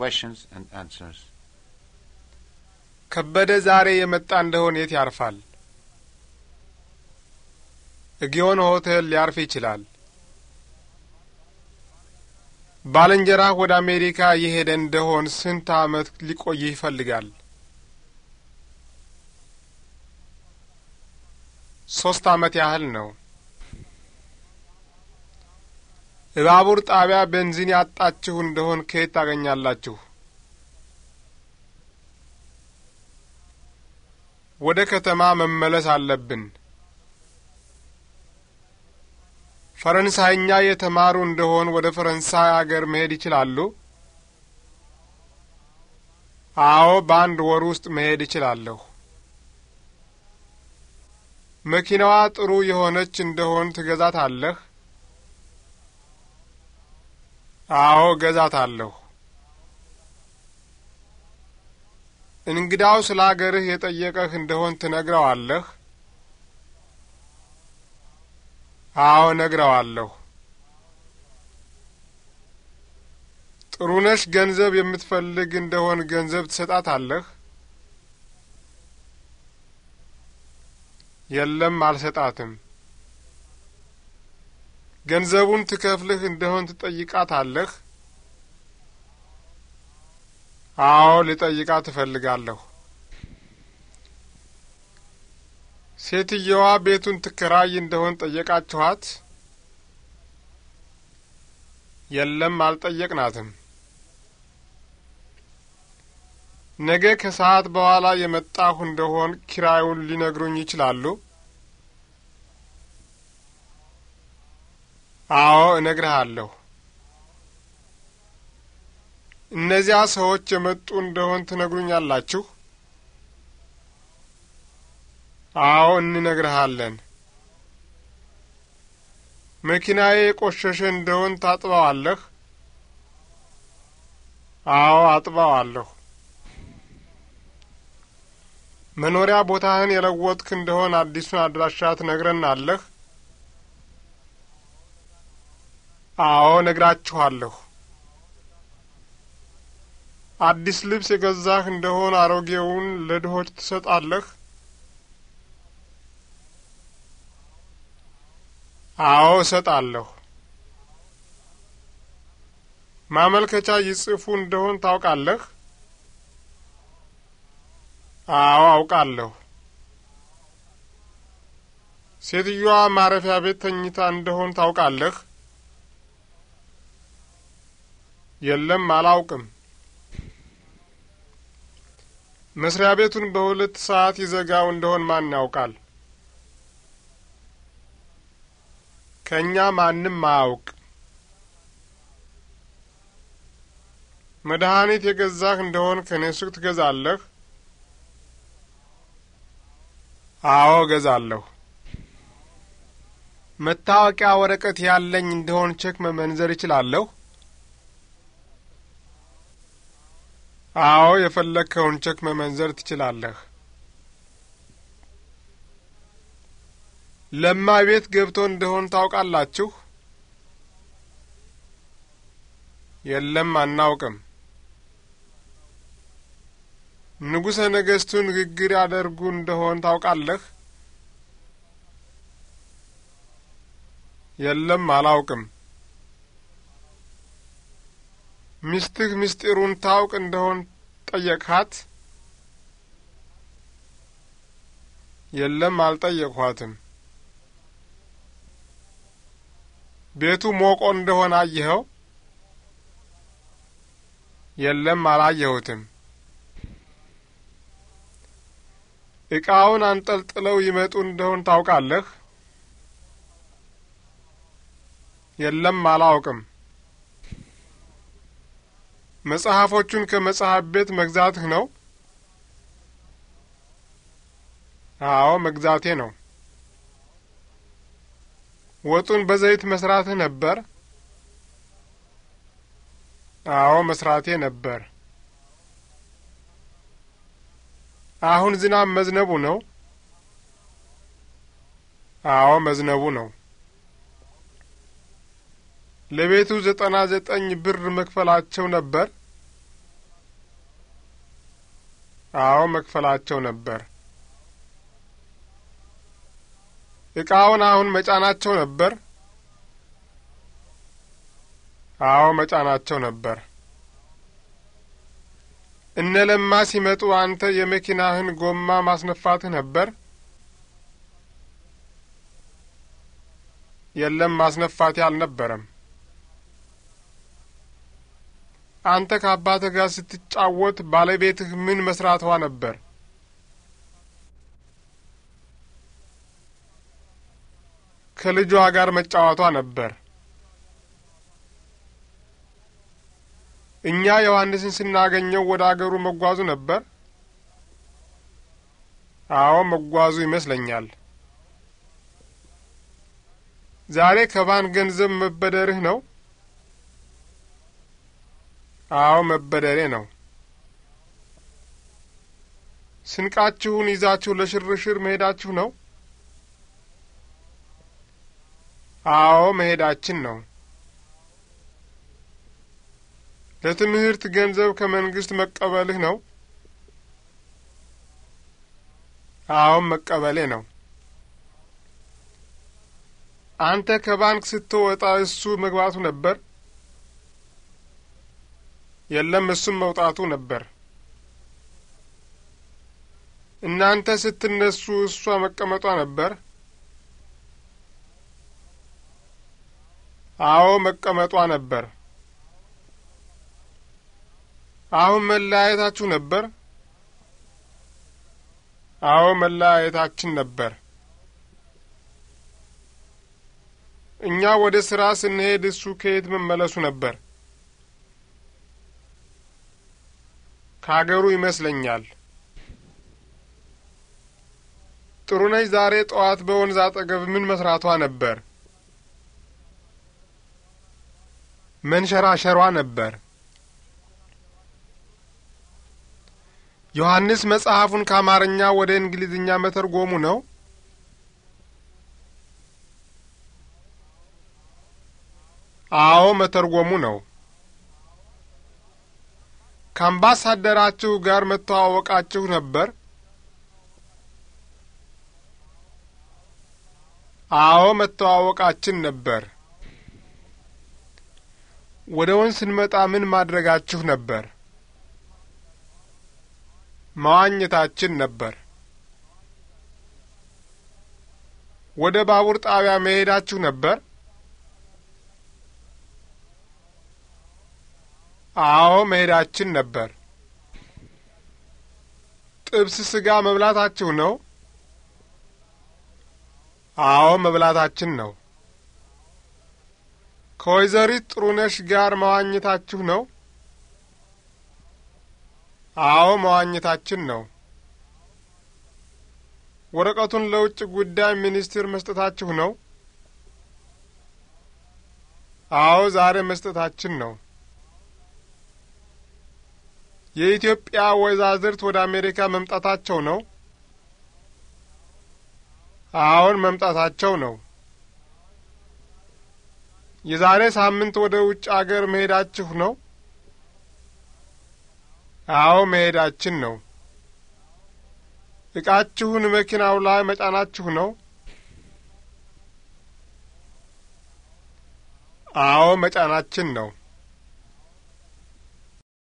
questions and answers. ከበደ ዛሬ የመጣ እንደሆን የት ያርፋል? ጊዮን ሆቴል ሊያርፍ ይችላል። ባልንጀራህ ወደ አሜሪካ የሄደ እንደሆን ስንት ዓመት ሊቆይህ ይፈልጋል? ሶስት ዓመት ያህል ነው። ባቡር ጣቢያ ቤንዚን ያጣችሁ እንደሆን ከየት ታገኛላችሁ? ወደ ከተማ መመለስ አለብን። ፈረንሳይኛ የተማሩ እንደሆን ወደ ፈረንሳይ አገር መሄድ ይችላሉ? አዎ፣ በአንድ ወር ውስጥ መሄድ እችላለሁ። መኪናዋ ጥሩ የሆነች እንደሆን ትገዛታለህ? አዎ ገዛታለሁ። እንግዳው ስለ አገርህ የጠየቀህ እንደሆን ትነግረዋለህ? አዎ ነግረዋለሁ። ጥሩነሽ ገንዘብ የምትፈልግ እንደሆን ገንዘብ ትሰጣታለህ? የለም አልሰጣትም። ገንዘቡን ትከፍልህ እንደሆን ትጠይቃታለህ? አዎ ልጠይቃት ትፈልጋለሁ ሴትየዋ ቤቱን ትከራይ እንደሆን ጠየቃችኋት? የለም አልጠየቅናትም። ነገ ከሰዓት በኋላ የመጣሁ እንደሆን ኪራዩን ሊነግሩኝ ይችላሉ? አዎ እነግርሃለሁ። እነዚያ ሰዎች የመጡ እንደሆን ትነግሩኛላችሁ? አዎ እንነግርሃለን። መኪናዬ የቆሸሸ እንደሆን ታጥበዋለህ? አዎ አጥበዋለሁ። መኖሪያ ቦታህን የለወጥክ እንደሆን አዲሱን አድራሻ ትነግረናለህ? አዎ ነግራችኋለሁ። አዲስ ልብስ የገዛህ እንደሆን አሮጌውን ለድሆች ትሰጣለህ? አዎ እሰጣለሁ። ማመልከቻ ይጽፉ እንደሆን ታውቃለህ? አዎ አውቃለሁ። ሴትዮዋ ማረፊያ ቤት ተኝታ እንደሆን ታውቃለህ? የለም አላውቅም። መስሪያ ቤቱን በሁለት ሰዓት ይዘጋው እንደሆን ማን ያውቃል? ከእኛ ማንም አያውቅ። መድኃኒት የገዛህ እንደሆን ከእኔ ሱቅ ትገዛለህ? አዎ እገዛለሁ። መታወቂያ ወረቀት ያለኝ እንደሆን ቼክ መመንዘር እችላለሁ? አዎ፣ የፈለግከውን ቼክ መመንዘር ትችላለህ። ለማ ቤት ገብቶ እንደሆን ታውቃላችሁ? የለም፣ አናውቅም። ንጉሠ ነገሥቱ ንግግር ያደርጉ እንደሆን ታውቃለህ? የለም፣ አላውቅም። ሚስትህ ምስጢሩን ታውቅ እንደሆን ጠየቅሃት? የለም፣ አልጠየቅኋትም። ቤቱ ሞቆ እንደሆነ አየኸው? የለም፣ አላየሁትም። እቃውን አንጠልጥለው ይመጡ እንደሆን ታውቃለህ? የለም፣ አላውቅም። መጽሐፎቹን ከመጽሐፍ ቤት መግዛትህ ነው? አዎ መግዛቴ ነው። ወጡን በዘይት መስራትህ ነበር? አዎ መስራቴ ነበር። አሁን ዝናብ መዝነቡ ነው? አዎ መዝነቡ ነው። ለቤቱ ዘጠና ዘጠኝ ብር መክፈላቸው ነበር? አዎ መክፈላቸው ነበር። እቃውን አሁን መጫናቸው ነበር። አዎ መጫናቸው ነበር። እነ ለማ ሲመጡ አንተ የመኪናህን ጎማ ማስነፋትህ ነበር። የለም ማስነፋት አልነበረም። አንተ ከአባትህ ጋር ስትጫወት ባለቤትህ ምን መስራቷ ነበር? ከልጇ ጋር መጫወቷ ነበር። እኛ ዮሐንስን ስናገኘው ወደ አገሩ መጓዙ ነበር? አዎ መጓዙ ይመስለኛል። ዛሬ ከባን ገንዘብ መበደርህ ነው? አዎ መበደሬ ነው። ስንቃችሁን ይዛችሁ ለሽርሽር መሄዳችሁ ነው? አዎ መሄዳችን ነው። ለትምህርት ገንዘብ ከመንግስት መቀበልህ ነው? አዎን መቀበሌ ነው። አንተ ከባንክ ስትወጣ እሱ መግባቱ ነበር? የለም እሱም መውጣቱ ነበር። እናንተ ስትነሱ እሷ መቀመጧ ነበር። አዎ መቀመጧ ነበር። አሁን መለያየታችሁ ነበር። አዎ መለያየታችን ነበር። እኛ ወደ ስራ ስንሄድ እሱ ከየት መመለሱ ነበር። ከአገሩ ይመስለኛል። ጥሩ ነች ዛሬ ጠዋት በወንዝ አጠገብ ምን መስራቷ ነበር? መንሸራሸሯ ነበር። ዮሐንስ መጽሐፉን ከአማርኛ ወደ እንግሊዝኛ መተርጎሙ ነው። አዎ መተርጎሙ ነው። ከአምባሳደራችሁ ጋር መተዋወቃችሁ ነበር? አዎ፣ መተዋወቃችን ነበር። ወደ ወንዝ ስንመጣ ምን ማድረጋችሁ ነበር? መዋኘታችን ነበር። ወደ ባቡር ጣቢያ መሄዳችሁ ነበር? አዎ መሄዳችን ነበር። ጥብስ ስጋ መብላታችሁ ነው? አዎ መብላታችን ነው። ከወይዘሪት ጥሩነሽ ጋር መዋኘታችሁ ነው? አዎ መዋኘታችን ነው። ወረቀቱን ለውጭ ጉዳይ ሚኒስቴር መስጠታችሁ ነው? አዎ ዛሬ መስጠታችን ነው። የኢትዮጵያ ወዛዝርት ወደ አሜሪካ መምጣታቸው ነው? አሁን መምጣታቸው ነው። የዛሬ ሳምንት ወደ ውጭ አገር መሄዳችሁ ነው? አዎ፣ መሄዳችን ነው። እቃችሁን መኪናው ላይ መጫናችሁ ነው? አዎ፣ መጫናችን ነው።